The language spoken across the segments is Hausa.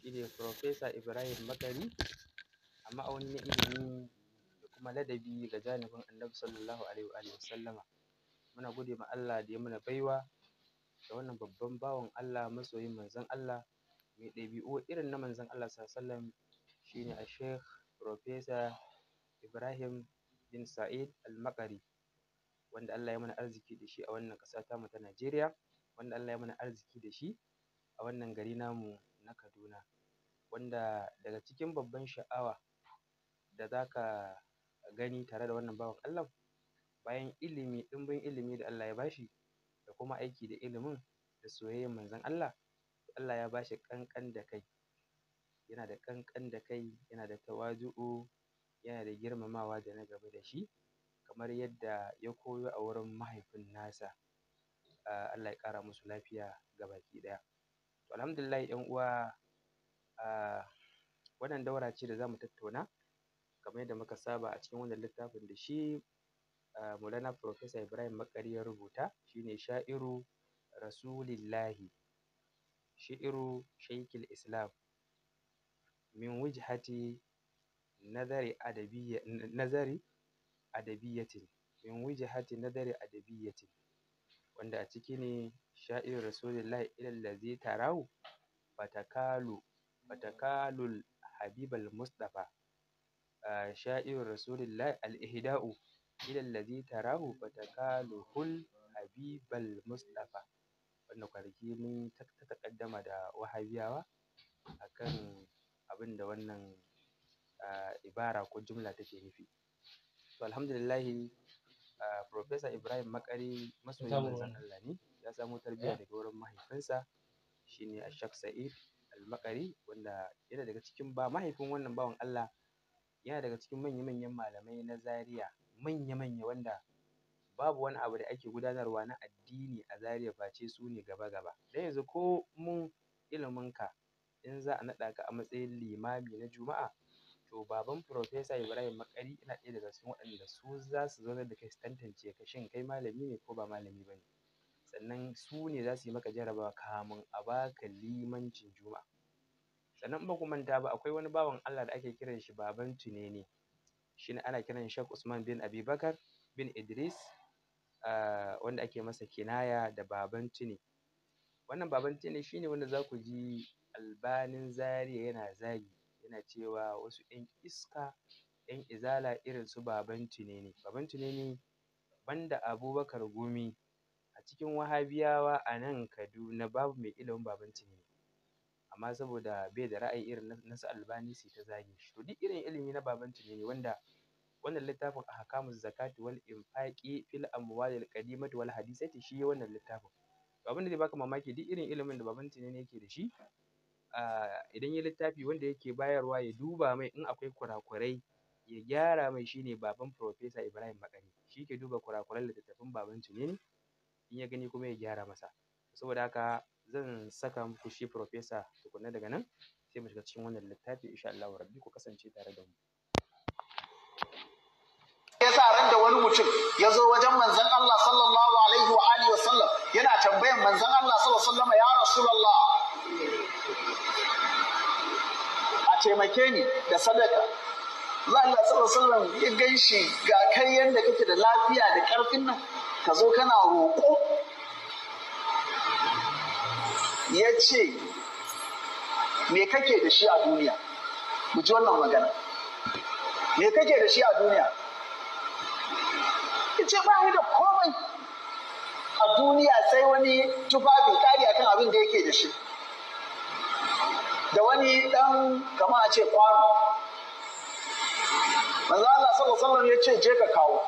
shine Profesa Ibrahim Makari a ma'auni na ilimi da kuma ladabi ga janibin Annabi sallallahu alaihi wa sallama muna gode ma Allah da ya mana baiwa da wannan babban bawan Allah masoyin manzon Allah mai ɗabi'u irin na manzon Allah sallallahu alaihi wa shine a Sheikh Profesa Ibrahim bin Sa'id Al-Makari wanda Allah ya mana arziki da shi a wannan ƙasa mu ta Najeriya wanda Allah ya mana arziki da shi a wannan gari namu na Kaduna, wanda daga cikin babban sha'awa da za ka gani tare da wannan bawan Allahn, bayan ilimi ɗumbin ilimi da Allah ya bashi, da kuma aiki da ilimin da soyayyan manzon Allah, Allah ya bashi shi ƙanƙan da kai, yana da ƙanƙan da kai, yana da tawazu'u, yana da girmamawa da na gaba da shi, kamar yadda ya koyo a wurin mahaifin nasa. Ah, Allah ya ƙara musu lafiya gabaki ɗaya. alhamdulillahi yan uwa a wannan daura ce da zamu tattauna kamar yadda muka saba a cikin wannan littafin da shi Maulana Professor Ibrahim Makari ya rubuta shine sha'iru rasulillahi Shairu shaikil islam min wujhati nazari adabiyya nazari min wanda a ciki ne sha'ir rasulillahi ilallazi tarahu fatakalu fatakalul habibal mustafa sha'ir rasulillahi al-ihda'u ilallazi tarahu fatakaluhul habibal mustafa Wannan kwanaki mun ta taƙaddama da wahabiyawa akan abin da wannan ibara ko jumla take nufi to alhamdulillahi Profesa Ibrahim Makari masoyin manzon Allah ne ya samo tarbiyya daga wurin mahaifinsa shine Ashak Sa'id Al-Makari wanda yana daga cikin ba mahaifin wannan bawan Allah yana daga cikin manya-manyan malamai na Zaria manya-manya wanda babu wani abu da ake gudanarwa na addini a Zaria face su ne gaba-gaba dan yanzu ko mun iliminka in za a naɗa ka a matsayin limami na Juma'a to baban Profesa Ibrahim Makari yana ɗaya daga cikin waɗanda su za su zo da kai su tantance ka shin kai malami ne ko ba malami ba ne sannan su ne za su yi maka jarrabawa kamun a baka limancin juma'a sannan ba ku manta ba akwai wani bawan Allah da ake kiran shi baban tunene shi ne ana kiran Sheikh Usman bin Abubakar bin Idris ah, wanda ake masa kinaya da baban tuni wannan baban tuni ne wanda za ku ji albanin Zaria yana zagi yana cewa wasu ‘yan iska ‘yan izala irin su baban tunene baban tunene banda abubakar gumi a cikin wahabiyawa a nan kaduna babu mai ilimin baban tunene amma saboda bai da ra'ayi irin na su albani sai ta zage shi to duk irin ilimi na baban tunene wanda wannan littafin ahkamu zakati wal infaqi fil amwali al qadimati wal hadisati shi wannan littafin to abin da zai baka mamaki duk irin ilimin da baban tunene yake da shi idan ya littafi wanda yake bayarwa ya duba mai in akwai kurakurai ya gyara mai shine baban Profesa Ibrahim Makani shi ke duba kurakuran littattafan baban tunani in ya gani kuma ya gyara masa saboda haka zan saka muku shi Profesa tukunna daga nan sai mu shiga cikin wannan littafi insha Allah rabbi ku kasance tare da mu yasa ran da wani mutum ya zo wajen manzon Allah sallallahu alaihi wa alihi wa sallam yana tambayan manzon Allah sallallahu alaihi wa sallam ya rasulullah taimake ni da sadaka Allah sallallahu ya gan shi ga kai yadda kake da lafiya da karfin nan ka zo kana roƙo ya ce me kake da shi a duniya mu ji wannan magana me kake da shi a duniya ya ce ba ni da komai a duniya sai wani tufafi kari akan abin da yake da shi da wani dan kama a ce kwano manzo Allah sallallahu ya ce je ka kawo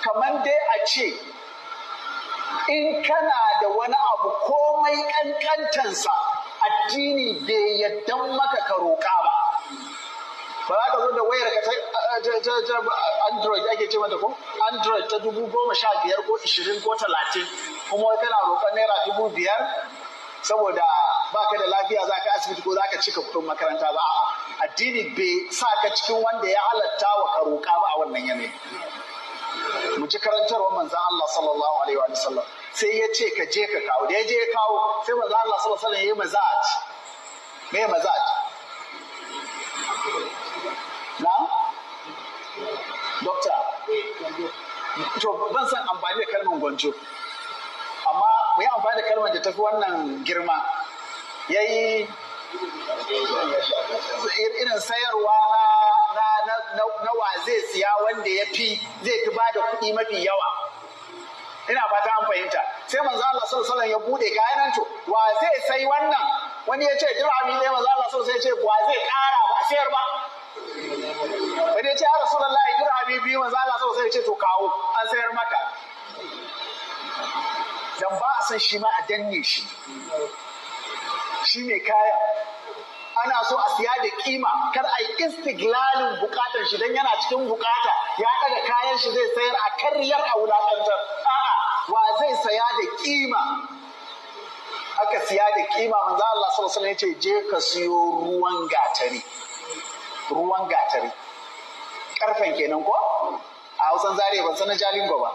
kamar dai a ce in kana da wani abu komai kankantansa addini bai yadda maka ka roƙa ba ba za ka zo da wayar ka ta android ake ce mata ko android ta dubu goma sha biyar ko ishirin ko talatin kuma kana roƙon naira dubu biyar saboda baka da lafiya za ka asibiti ko za ka cika kudin makaranta ba A addini bai sa ka cikin wanda ya halatta wa ka roƙa ba a wannan yanayi mu ji karantarwar manzan Allah sallallahu alaihi wa sallam sai ya ce ka je ka kawo da ya je ya kawo sai manzan Allah sallallahu alaihi wa sallam ya yi mazaj me mazaj na dokta to ban san amfani da kalmar gwanjo amma mu yi amfani da kalmar da tafi wannan girma ya yi irin sayarwa na wa zai siya wanda ya fi zai fi ba da kuɗi mafi yawa ina fata an fahimta sai manzo Allah sallallahu alaihi ya bude gayanan to wa zai sai wannan wani ya ce dirhami ne manzo Allah sallallahu alaihi ya ce wa zai ƙara ba sayar ba wani ya ce ya rasulullahi dirhami biyu manzo Allah sallallahu alaihi ya ce to kawo an sayar maka dan ba a san shi ma a danne shi shi mai kayan ana so a siya da kima kar a yi istiglalin bukatar shi don yana cikin bukata ya daga kayan shi zai sayar a karyar a wulakantar a'a wa zai saya da kima aka siya da kima manzo Allah sallallahu alaihi wasallam je ka siyo ruwan gatari ruwan gatari karfen kenan ko a Hausan zare ban sanar jalingo ba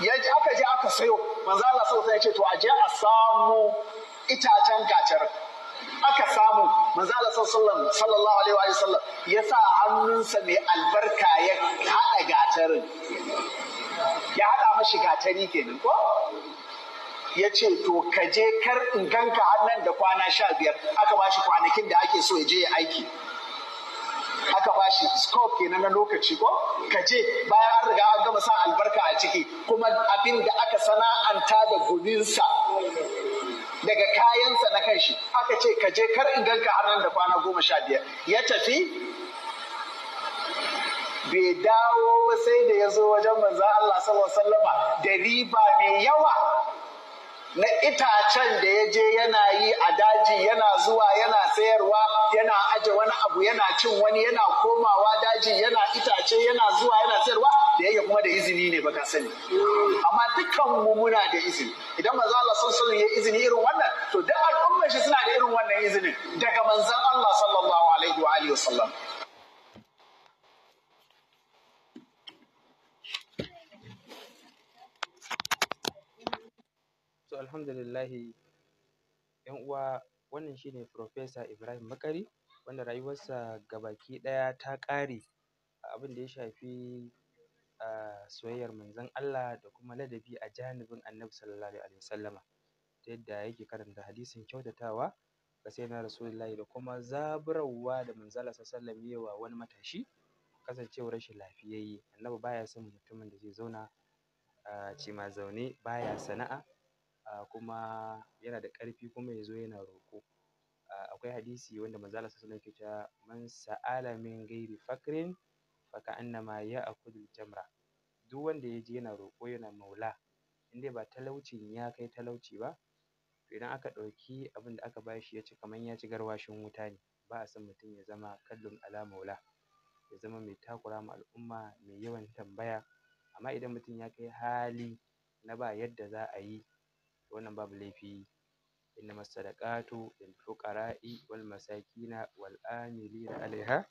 yaji aka je aka sayo manzo Allah sallallahu alaihi wasallam ya ce to aje a samu itacen gacar aka samu manzo Allah sallallahu alaihi wasallam ya sa hannunsa mai albarka ya hada gatarin ya hada mashi gatari kenan ko ya ce to ka je kar in ganka hannun da kwana sha biyar aka ba shi kwanakin da ake so ya je ya aiki aka bashi scope kenan na lokaci ko ka je bayan an riga an gama sa albarka a ciki kuma abin da aka sana'anta da gudunsa daga kayansa na kanshi aka ce ka je kar in ganka har nan da kwana goma sha biyar ya tafi bai dawo ba sai da ya zo wajen manzan Allah sallallahu alaihi wasallama da riba mai yawa na itacen da ya je yana yi a daji yana zuwa yana sayarwa yana aje wani abu yana cin wani yana komawa daji yana itace yana zuwa yana sayarwa da yake kuma da izini ne baka sani amma dukkan mu muna da izini idan manzo Allah sallallahu alaihi ya izini irin wannan to duk al'ummar shi suna da irin wannan izinin daga manzon Allah sallallahu alaihi wa alihi wasallam alhamdulillahi ‘yan uwa wannan shi ne Professor Ibrahim Makari, wanda rayuwarsa gabaki ɗaya ta ƙare a abin da ya shafi a soyayyar manzon Allah da kuma ladabi a janibin Annabi sallallahu alaihi wasallama ta yadda yake karanta hadisin kyautatawa ga sayyidina Rasulullahi da kuma zaburarwa da manzon Allah sallallahu alaihi wasallam wa wani matashi kasancewar rashin lafiyayye Annabi baya son mutumin da zai zauna a zaune baya sana'a kuma yana da ƙarfi kuma ya zo yana roƙo akwai hadisi wanda manzo Allah sallallahu alaihi wasallam yake cewa man sa'ala min ghairi fakrin fa ka'annama ya'kulu jamra duk wanda ya je yana roƙo yana maula in dai ba talaucin ya kai talauci ba to idan aka ɗauki abin da aka bashi ya ci kamar ya ci garwashin wuta ne ba a son mutum ya zama kallon ala maula ya zama mai takura ma al'umma mai yawan tambaya amma idan mutum ya kai hali na ba yadda za a yi wannan babu laifi إنما الصدقات للفقراء والمساكين والآملين عليها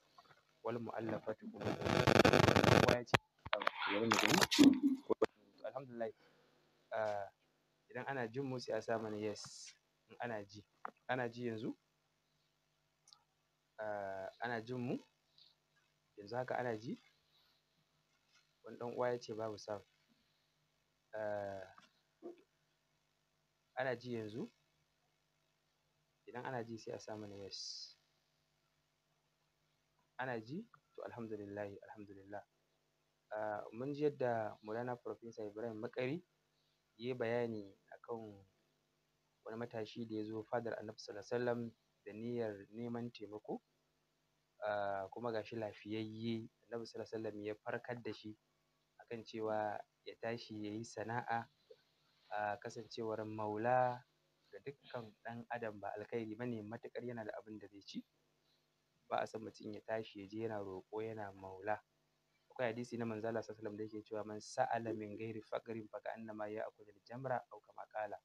والمؤلفة alhamdulillah ah, idan ana jin mu sai a sa mana yes in ana ji ana ji yanzu ah, ana jin mu yanzu haka ana ji wani ɗan uwa ya ce babu sound ah, ana ji yanzu idan ana ji sai a sa mana yes ana ji to alhamdulillah alhamdulillah ah, mun ji yadda Maulana Farfesa Ibrahim Makari ya yi bayani akan wani matashi da ya zo fadar Annabi sallallahu alaihi wasallam da niyyar neman taimako ah, kuma gashi lafiyayye Annabi sallallahu alaihi wasallam ya farkar da shi akan cewa ya tashi ya yi sana'a a kasancewar maula ga dukkan ɗan adam ba alkhairi ba ne matuƙar yana da abin da zai ci ba a son mutum ya tashi ya je yana roƙo yana maula akwai hadisi na manzala sallallahu da yake cewa man sa'ala min ghairi faqrin fa ka'annama ya'kulu al-jamra aw kama qala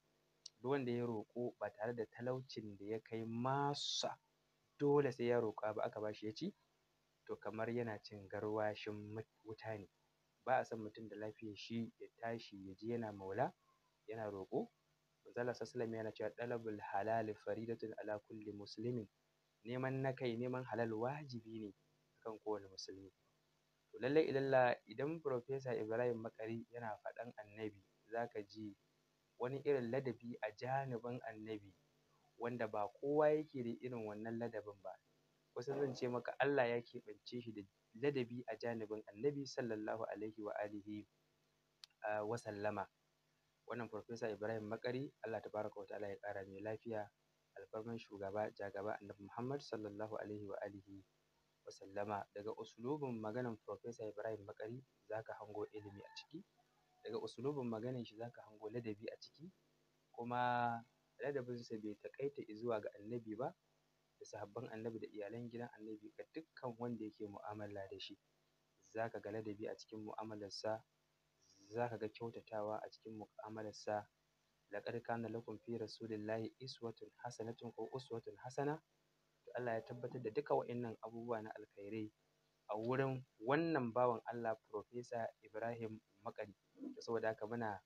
duk wanda ya roƙo ba tare da talaucin da ya kai masa dole sai ya roƙa ba aka ba shi ya ci to kamar yana cin garwashin wuta ne ba a son mutum da lafiyar shi ya tashi ya je yana maula yana roƙo manzala sallallahu yana cewa talabul halal faridatun ala kulli muslimin neman na kai neman halal wajibi ne kan kowane musulmi to lallai ilalla idan Profesa Ibrahim Makari yana faɗan annabi zaka ji wani irin ladabi a janibin annabi wanda ba kowa yake da irin wannan ladabin ba kusan zan ce maka Allah ya keɓance shi da ladabi a janibin annabi sallallahu alaihi wa alihi ah, wa sallama wannan Profesa Ibrahim Makari Allah tabaraka wa ta'ala ya ƙara mai lafiya alfarman shugaba jagaba annabi Muhammad sallallahu alaihi wa alihi wa sallama daga usulubin maganan Profesa Ibrahim Makari zaka hango ilimi a ciki daga usulubin maganan shi zaka hango ladabi a ciki kuma ladabinsa bai taƙaita zuwa ga annabi ba da sahabban annabi da iyalan gidan annabi ga dukkan wanda yake mu'amala da shi za ka ga ladabi a cikin mu'amalarsa Zaka ga kyautatawa a cikin mu'amalarsa laƙad kana lakum fi rasulillahi iswatun hasanatun ko uswatun hasana to Allah ya tabbatar da duka wa'innan abubuwa na alkhairai a wurin wannan bawan Allah Profesa Ibrahim Makari saboda haka muna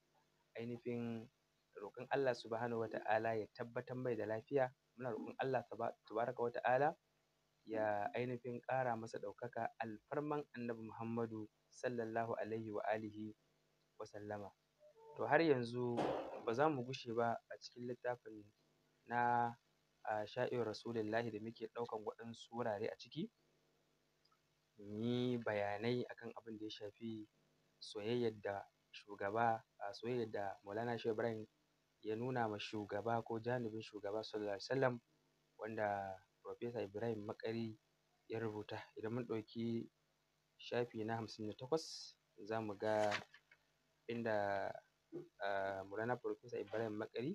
ainihin roƙon Allah subhanahu Wata'ala ya tabbatar mai da lafiya muna roƙon Allah tabaraka Wata'ala ya ainihin ƙara masa ɗaukaka alfarman annabi Muhammadu sallallahu alaihi wa alihi Wasallama, To har yanzu ba za mu gushe ba a cikin littafin na Sha'irar Rasulillahi da muke ɗaukan waɗansu wurare a ciki mu bayanai akan abin da ya shafi soyayyar da shugaba a soyayyar da Maulana Shehu Ibrahim ya nuna ma shugaba ko janibin shugaba Sallallahu Alaihi Wasallam wanda Farfesa Ibrahim Makari ya rubuta. Idan mun ɗauki shafi na hamsin da takwas za mu ga inda ah, Maulana Professor Ibrahim Makari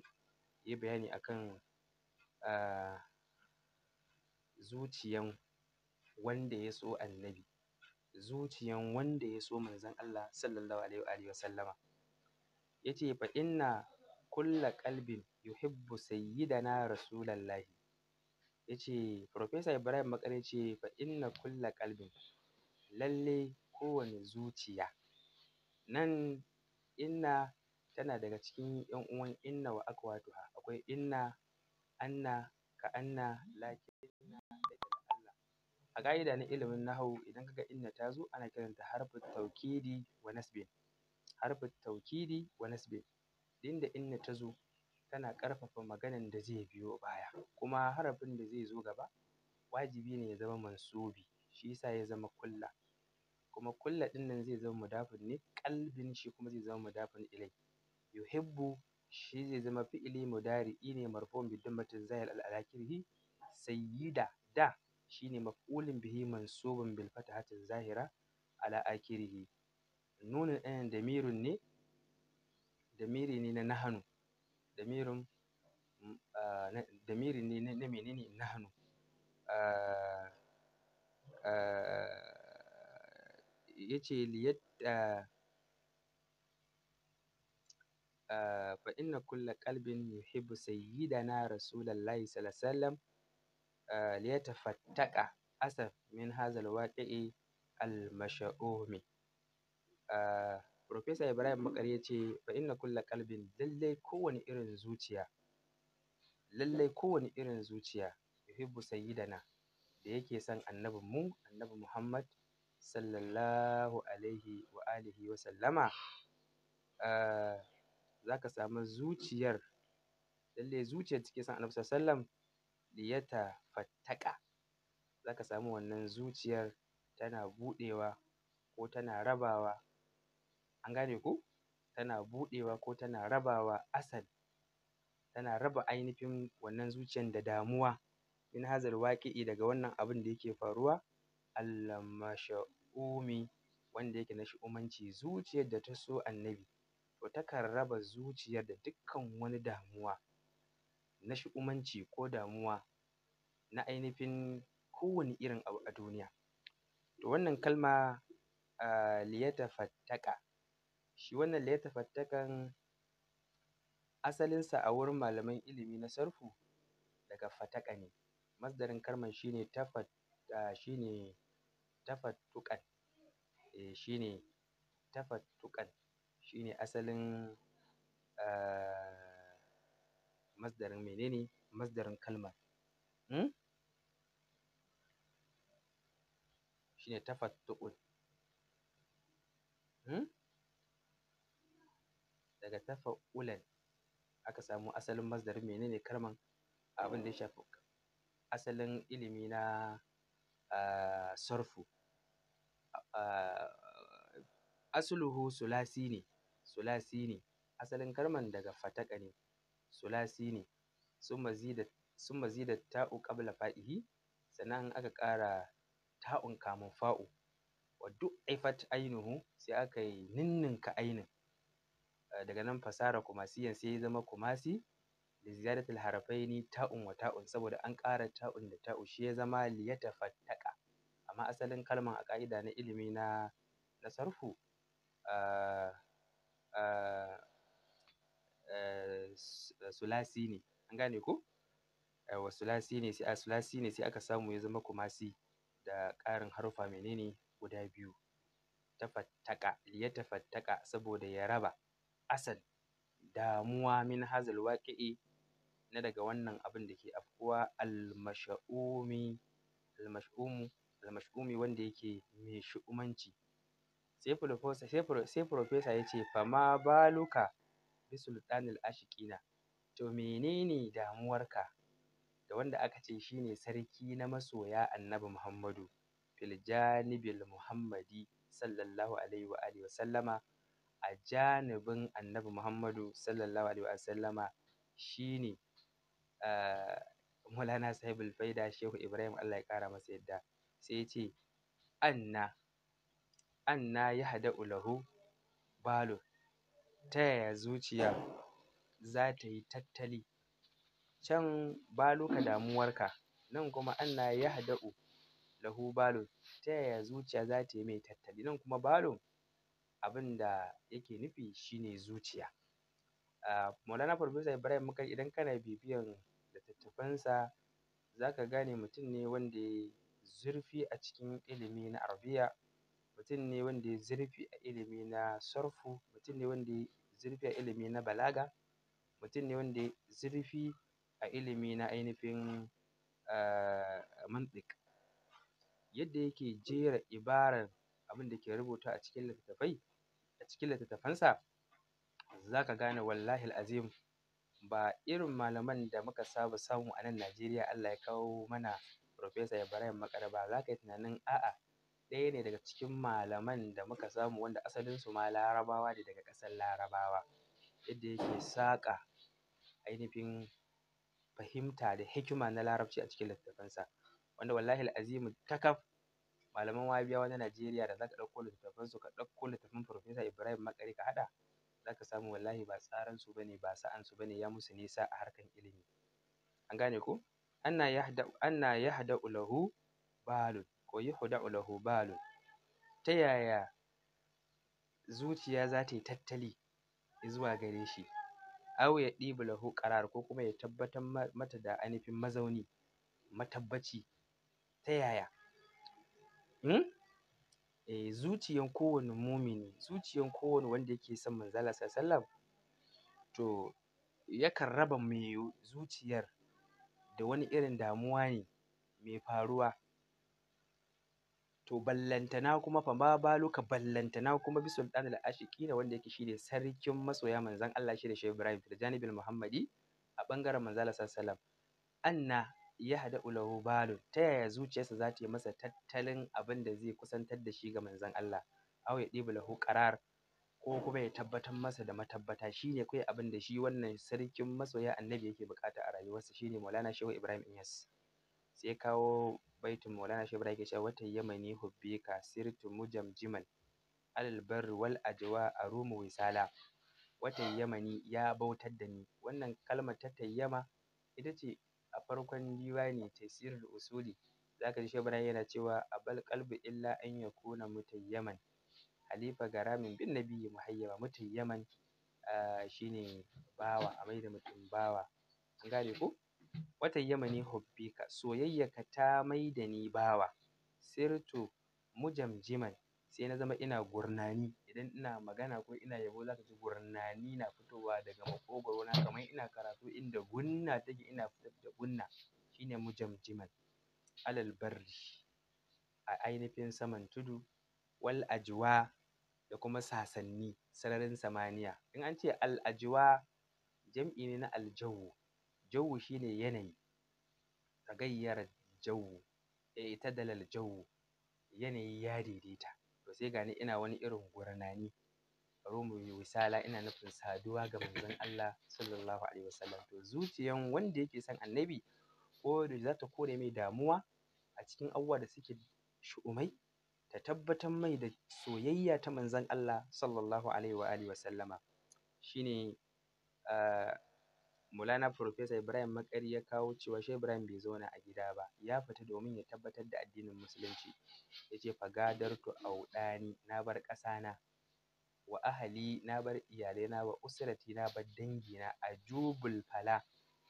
ya bayani akan ah, zuciyan wanda ya so annabi zuciyan wanda ya so manzon Allah sallallahu alaihi wa sallama ya ce fa inna kulla qalbin yuhibbu sayyidana rasulallahi yace ce Professor Ibrahim Makari yace fa inna kulla qalbin lalle kowane zuciya nan inna tana daga cikin ‘yan uwan inna wa akhawatuha akwai inna anna ka'anna Allah. a ƙa'ida na ilimin nahawu idan kaga inna ta zo ana kiranta harfin taukidi wa nasbin harfin taukidi wa nasbin inda inna ta zo tana ƙarfafa maganan da zai biyo baya kuma harafin da zai zo gaba wajibi ne ya zama mansubi shi yasa ya zama kulla kuma kulla ɗin nan zai zama mudafin ne kalbin shi kuma zai zama mudafin ilai yuhibbu shi zai zama fi'ili mudari'i ne marfu'un bi dammatin zahir al alakirhi sayyida da shine maf'ulun bihi mansubun bil fatahatin zahira ala akirihi nunun ɗayan damirun ne damiri ne na nahanu damirin mm, damiri ne na menene nahanu yace liyadda fa inna kulla kalbin yuhibbu sayyidana rasulullahi sallallahu alaihi wasallam fattaka asaf min hazal waqi'i al masha'umi Profesa Ibrahim Makar ya ce fa inna kulla kalbin lallai kowane irin zuciya lallai kowane irin zuciya yuhibbu sayyidana da yake son annabinmu annabi Muhammad sallallahu alaihi wa alihi wa sallama ah, za ka samu zuciyar lalle zuciyar cikin san annabi sallam liyata fattaka za ka samu wannan zuciyar tana buɗewa ko tana rabawa an gane ku tana buɗewa ko tana rabawa asal tana raba ainihin wannan zuciyar da damuwa in hazal waƙi'i daga wannan abin da yake faruwa Allah masha’umi wanda yake na sha'umanci zuciyar da ta so annabi to takan raba zuciyar da dukkan wani damuwa na sha'umanci ko damuwa na ainihin kowane irin abu a duniya to wannan kalma liyatafattaka shi wannan liyatafattakan asalinsa a wurin malaman ilimi na sarfu daga fataka ne masdarin kalman shi ne tafattuƙan eh shine Shi ne eh, hmm? hmm? asalin masdarin menene masdarin kalmar hmm? shine tafattuƙun hmm? daga tafa'ulan aka samo asalin masdarin ne kalman abin da ya shafi asalin ilimi na Eh, sarfu eh, asluhu sulasi ne sulasi ne asalin kalman daga fataka ne sulasi ne sun mazida ta'u qabla fa'ihi sannan aka ƙara ta'un kamun fa'u wa du'ifat ainuhu sai aka yi ninninka ainin eh, daga nan fasara kumasiyan sai ya zama kumasi da ziyadatul harafaini ta'un wa ta'un saboda an ƙara ta'un da ta'u shi ya zama liyatafattaka amma asalin kalman a ƙa'ida na ilimi na na sarfu sulasi ne an gane ko yawwa sulasi ne sai a sulasi ne sai aka samu ya zama kumasi da ƙarin haruffa menene guda biyu tafattaka liyatafattaka saboda ya raba asad damuwa min hazal waƙi'i na daga wannan abin da ke afkuwa almasha'umi almash'umu almash'umi wanda yake mai shu'umanci sai professor sai sai professor yace fama baluka bi sultanil ashiqina to menene damuwarka da wanda aka ce shine sarki na masoya annabi Muhammadu fil janibil Muhammadi sallallahu alaihi wa alihi sallama a janibin annabi Muhammadu sallallahu alaihi wa sallama shine Maulana Sahibul Faida Shehu Ibrahim Allah ya kara masa yadda sai ya ce anna anna ya hada ulahu balo ta yaya zuciya za ta yi tattali can balo ka damuwarka nan kuma anna ya hada lahu balo ta yaya zuciya za ta yi mai tattali nan kuma balo abin da yake nufi shine zuciya Maulana Farfesa Ibrahim Makari idan kana bibiyan littattafansa za ka gane mutum ne wanda ya zurfi a cikin ilimi na arabiya, mutum ne wanda ya zurfi a ilimi na sarfu, mutum ne wanda ya zurfi a ilimi na balaga, mutum ne wanda ya zurfi a ilimi na ainihin mantiƙ. Yadda yake jera ibarar abin da yake rubuta a cikin littattafai a cikin littattafansa za ka gane wallahi azim ba irin malaman da muka saba samu a nan Najeriya Allah ya kawo mana Profesa Ibrahim makare ba za ka yi tunanin a'a ɗaya ne daga cikin malaman da muka samu wanda asalinsu ma larabawa ne daga ƙasar larabawa yadda yake saƙa ainihin fahimta da hikima na larabci a cikin littattafansa wanda wallahi ta takaf malaman wabiyawa na Najeriya da za ka ɗauko littattafansu ka ɗauko littattafan Profesa Ibrahim Makari ka haɗa zaka samu wallahi ba tsaransu ba ne ba sa'an su bane ya musu nisa a harkan ilimi an gane ko anna yahda ulahu balun ko yuhda'u ulahu balun ta yaya zuciya za ta yi tattali zuwa gare shi aw ya ɗibi lahu qarar ko kuma ya tabbatar mata da ainihin mazauni matabbaci ta yaya hmm? eh zuciyan kowane mumini, zuciyan kowane wanda yake son manzon sallallahu to yakan raba mai zuciyar da wani irin damuwa ne mai faruwa. To ballantana kuma fama baluka ballantana kuma ashiki ashiqina wanda yake shi ne sarkin masoya manzon Allah shi ne Shehu Ibrahim Tijjani Bil Muhammadi a ɓangaren manzon sallallahu Anna yahda Ulahu balu ta yaya zuciyarsa za ta yi masa tattalin abin da zai kusantar da shi ga manzon Allah aw ya ɗiba lahu qarar ko kuma ya tabbatar masa da matabbata shine kai abin da shi wannan sarkin masoya annabi yake bukata a rayuwarsa shine Maulana Shehu Ibrahim Inyas sai kawo baitin Maulana Shehu Ibrahim yake wata yamani ka sirtu mujamjiman alal barri wal ajwa arumu wisala wata yamani ya bautar da ni wannan kalmar ta tayyama ita ce farkon ne diwani da usuli za ka ji ibrahim yana cewa abal qalbu illa an yakuna mutayyaman halifa garamin bin nabiyyi muhayyama mutayyaman shine bawa a maida mutum bawa an gane ko watayyama ni hubbika soyayyaka ta maida ni bawa sirtu mujamjiman sai na zama ina gurnani idan ina magana ko ina yabo za ka ji gurnani na fitowa daga maƙogoro na kamar ina karatu inda gunna take ina fitar da gunna shi mujamjiman alal barri a ainihin saman tudu wal ajwa da kuma sasanni sararin samaniya in an ce al ajwa jam'i ne na aljawu jawu shi ne yanayi tagayyara jawu eh, dalal jawwu, yanayi ya daidaita to sai gani ina wani irin gurnani yi misala ina nufin saduwa ga manzon Allah sallallahu alaihi wasallam to zuciyan wanda yake son annabi ko da za ta kore mai damuwa a cikin abubuwa da suke shu'umai ta tabbatar mai da soyayya ta manzon Allah sallallahu alaihi wa alihi wasallama shine ah, Maulana Profesa Ibrahim Maƙari ya kawo cewa Shehu Ibrahim bai zauna a gida ba, ya fita domin ya tabbatar da addinin Musulunci. Ya ce fagadartu auɗani na bar ƙasana wa ahali na bar iyalaina wa usrati na bar dangina a jubul fala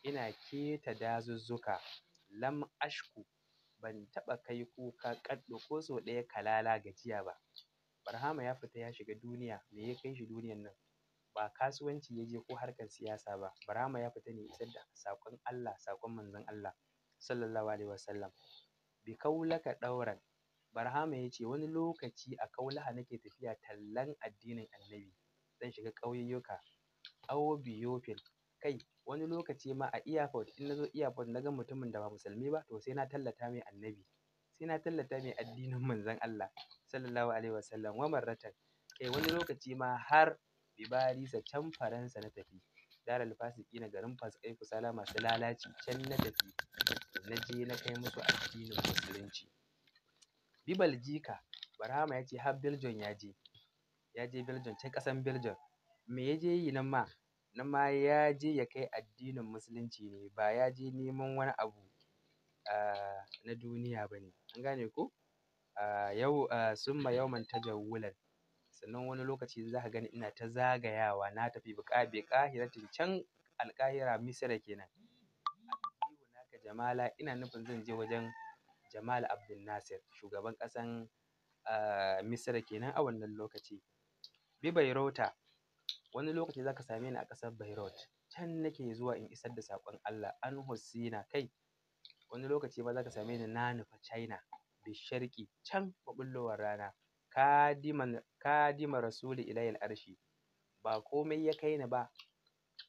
ina keta dazuzzuka lam ashku ban taɓa kai kuka ƙaddo ko sau ɗaya kalala gajiya ba. Barhama ya fita ya shiga duniya me ya kai shi duniyan nan? ba kasuwanci ya je ko harkar siyasa ba Barama ya fita ne isar da saƙon Allah saƙon manzon Allah sallallahu alaihi wasallam bi kaulaka ɗauran Barhama ya ce wani lokaci a Kaulaha nake tafiya tallan addinin annabi zan shiga ƙauyuka awo biyofil kai wani lokaci ma a iyakot in na zo airport na ga mutumin da ba musulmi ba to sai na tallata mai annabi sai na tallata mai addinin manzon Allah sallallahu alaihi wasallam wa maratan kai wani lokaci ma har ibarisa can faransa na tafi daral fasiki na garin fasikai kusala masu lalaci can na tafi na je na kai musu addinin musulunci bibal jika barhama ya ce har belgium ya je ya je belgium can kasan belgium me ya je yi nan ma nan ma ya je ya kai addinin musulunci ne ba ya je neman wani abu na duniya ba ne an gane ko yau summa yawman tajawulan sannan wani lokaci za ka gani ina ta zagayawa na tafi ƙahiratin can alƙahira misira kenan abiyu naka jamala ina nufin zan je wajen jamal abdul nasir shugaban ƙasan misira kenan a wannan lokaci bi bairota wani lokaci za ka same ni a ƙasar bairot can nake zuwa in isar da saƙon allah an hussina kai wani lokaci ma za ka same ni na nufa china bisharƙi can maɓullowar rana kadiman kadima rasuli ilayil arshi ba komai ya kai ni ba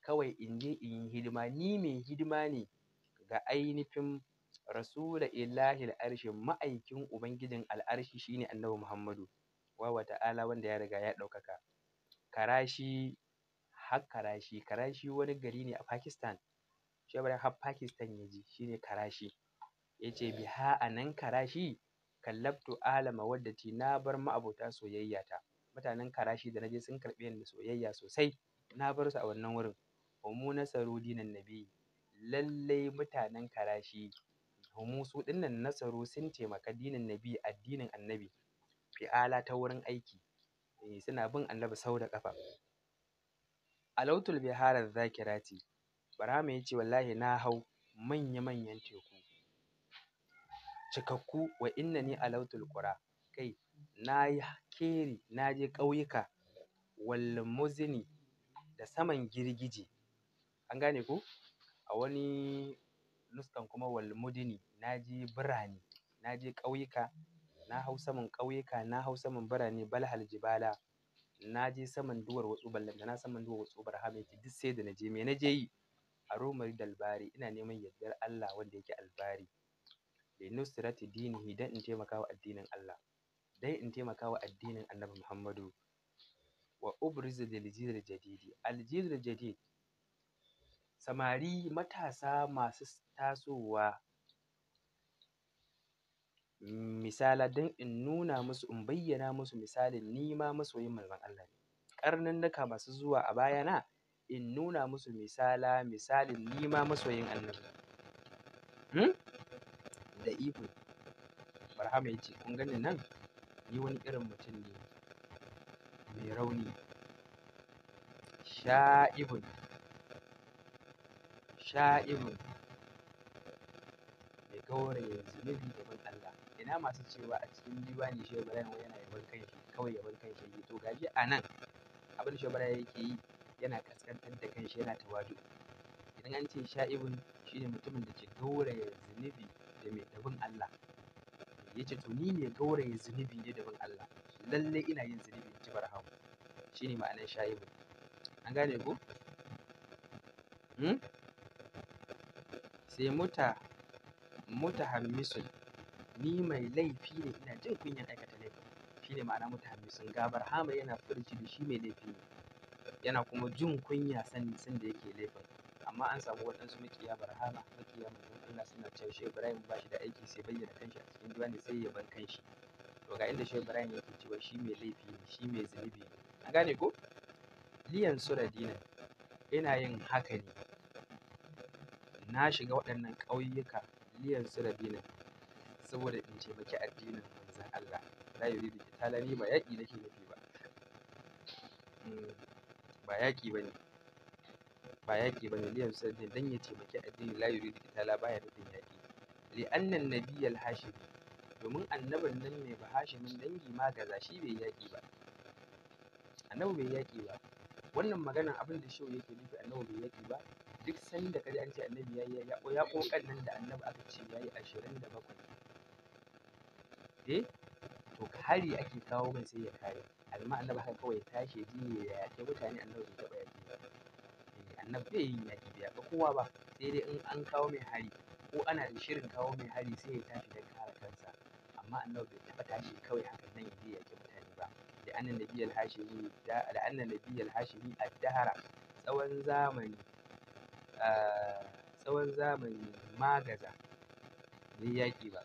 kawai in je in yi hidima ni mai hidima ne ga ainihin rasula illahil arshi ma'aikin ubangijin al'arshi shine annabi muhammadu wa ta'ala wanda ya riga ya ɗaukaka karashi har karashi karashi wani gari ne a pakistan shi har pakistan ya ji shine karashi ya ce biha a nan karashi kallabtu alama wadda ce, na bar ma'abota soyayya ta mutanen karashi da naje sun karɓe ni da soyayya sosai na bar su a wannan wurin umu nasaru dinan nabi lallai mutanen karashi umu su dinnan nasaru sun taimaka dinan nabi addinin annabi fi'ala ta wurin aiki eh, suna bin annabi sau da ƙafa alautul biharar zakirati barama yace ce wallahi na hau manya-manyan teku cikakku wa inna ni alautul qura kai na yi keri na je ƙauyuka wal muzini da saman girgije an gane ku? a wani nuskan kuma wal mudini na je birane na je ƙauyuka na hau saman ƙauyuka na hau saman birane balhal jibala na je saman duwar wasu ballan na saman duwar watsu barhama yake duk sai da na je me na je yi a romari dalbari ina neman yardar Allah wanda yake albari linusrati dinihi dan in taimaka wa addinin Allah dan in taimaka wa addinin Annabi Muhammadu wa ubriza lil jil jadidi al jil jadid samari matasa masu tasowa misala don in nuna musu in bayyana musu misalin nima masoyin manzon Allah ne ƙarnannuka masu zuwa a bayana in nuna musu misala misalin nima ma masoyin annabi hmm? da ihu barhama ya ce kun gani nan ni wani irin mutum ne mai rauni sha'ibun sha'ibun mai gauraye zunubi gaban Allah ina masu cewa a cikin diwani shi bara yana yaban kanshi kawai yaban kanshi yake to gaji a nan abin shi ya yake yi yana kaskantar da kanshi yana tawadu idan an ce sha'ibun shine mutumin da ke gauraye zunubi da mai dabin Allah ya ce to ni ne gauraye zunubi ne dabin Allah lalle ina yin zunubi in ji barhamu shine ma'anar sha'ibu an gane ko hmm? sai muta muta hammisun ni mai laifi ne ina jin kunyan aikata laifi ne ma'ana muta hammisun gabar hama yana furci da shi mai laifi ne yana kuma jin kunya san san da yake laifin amma an samu waɗansu makiya barhama makiya manzon Allah suna cewa Shehu Ibrahim ba shi da aiki sai bayyana kanshi a cikin ne sai ya ban kanshi to ga inda Shehu Ibrahim yake cewa shi mai laifi ne shi mai zunubi ne an gane ko liyan sura dinan ina yin haka ne na shiga waɗannan ƙauyuka liyan sura dinan saboda in ce maki addinin manzon Allah la yuridu kitalani ba yaƙi nake nufi ba hmm, ba yaƙi bane ba yaƙi ba ne liyan sirrin dan ya taimaki addini la yuridu qitala baya nufin yaƙi li annan nabiyal hashimi domin annabin nan ne ba Hashimin dangi magaza shi bai yaƙi ba annabi bai yaƙi ba wannan maganan abin da shehu yake nufi annabi bai yaƙi ba duk sanda kaji an ce annabi ya yi ya ƙoƙan nan da annabi aka ce ya yi ashirin da bakwai eh to hari ake kawo mai sai ya kare alma annabi haka kawai tashi ji ya yaƙi mutane annabi bai taɓa annabi bai yin yaƙi da yaƙi kowa ba sai dai in an kawo mai hari ko ana da shirin kawo mai hari sai ya tashi don kare kansa amma annabi bai taɓa tashi kawai hakan nan ya je yaƙi mutane ba da annan nabiyal hashimi da annan nabiyal hashimi addahara tsawon zamani ah, tsawon zamani magaza bai yaƙi ba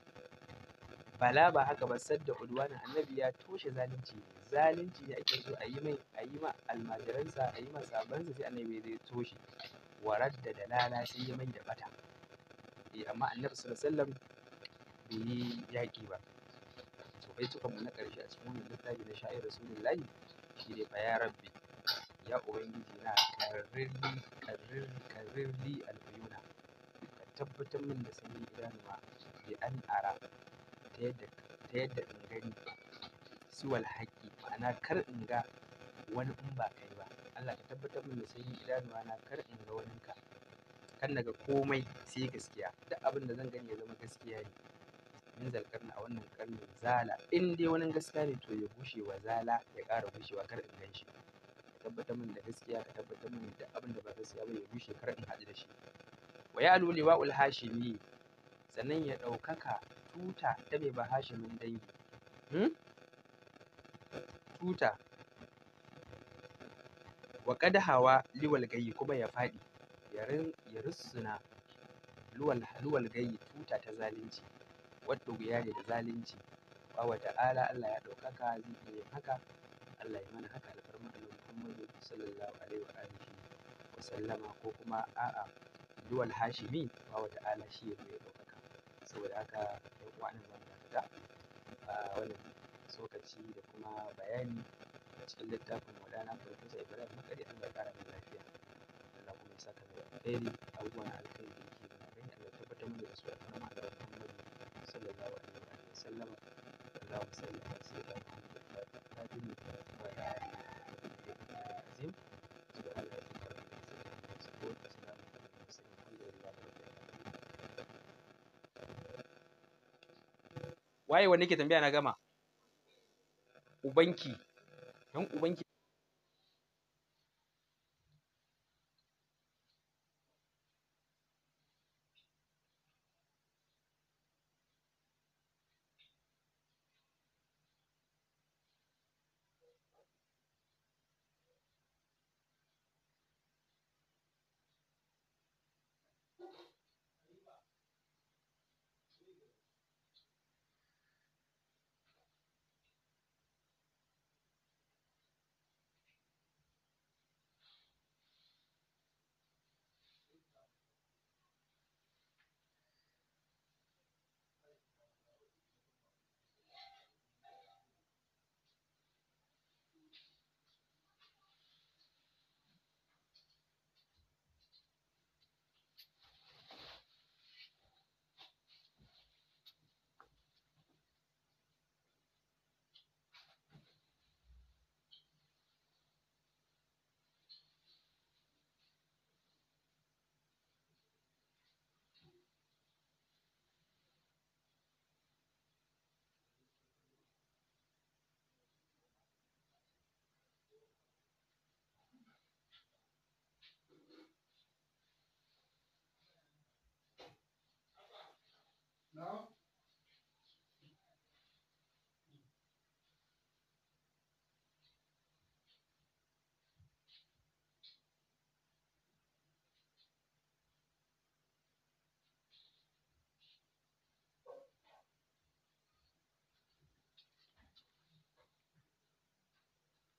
bala ba haka ba sadda udwana annabi ya toshe zalunci zalunci ne ake so a yi mai a yi ma almajiransa a yi ma sabansa sai annabi zai toshe wa radda dalala sai ya mai da bata eh amma annabi sallallahu alaihi wasallam bai yi yaƙi ba to bai mu na ƙarshe a cikin wannan littafi na sha'ir rasulullahi shi ne fa ya rabbi ya ubangiji na karriri karriri al'uyuna ka tabbatar min da sanyin idanuwa bi an ara ta yadda ta yadda in gani siwal haƙƙi ma'ana kar in ga wani in ba kai ba Allah ka tabbatar min da sanyin idanuwa na kar in ga wani ka kan daga komai sai gaskiya duk abin da zan gani ya zama gaskiya ne min zalkarna a wannan karni zala in dai wani gaskiya ne to ya bushe wa zala ya ƙara bushewa kar in gan shi ka tabbatar min da gaskiya ka tabbatar min da abin da ba gaskiya ba ya bushe kar in haɗu da shi wa ya luli wa'ul hashimi sannan ya ɗaukaka tuta ta mai bahashimin dangi hmm? tuta wa kada hawa liwal gayi kuma ya faɗi ya rissuna luwal gayi tuta ta zalunci wadda guya ne da zalunci wa ta'ala Allah ya ɗaukaka zai iya yin haka Allah ya mana haka alfarma da Muhammadu sallallahu alaihi wa alihi wa sallama ko kuma a'a liwal hashimi wa ta'ala shi ya ɗaukaka saboda haka ɗan uwa nan zamu a wannan tsokaci da kuma bayani a cikin littafin maulana farfesa ibrahim makari allah da ƙara mai lafiya allah kuma ya saka mai alheri abubuwan alkhairi da yake muna gani allah tabbatar mana da su a kan ma'anar muhammadu sallallahu alaihi wa sallam allahumma salli ala sayyidina muhammad wa ala alihi wa sahbihi wa sallam waye wanda yake tambaya na gama ubanki dan ubanki No?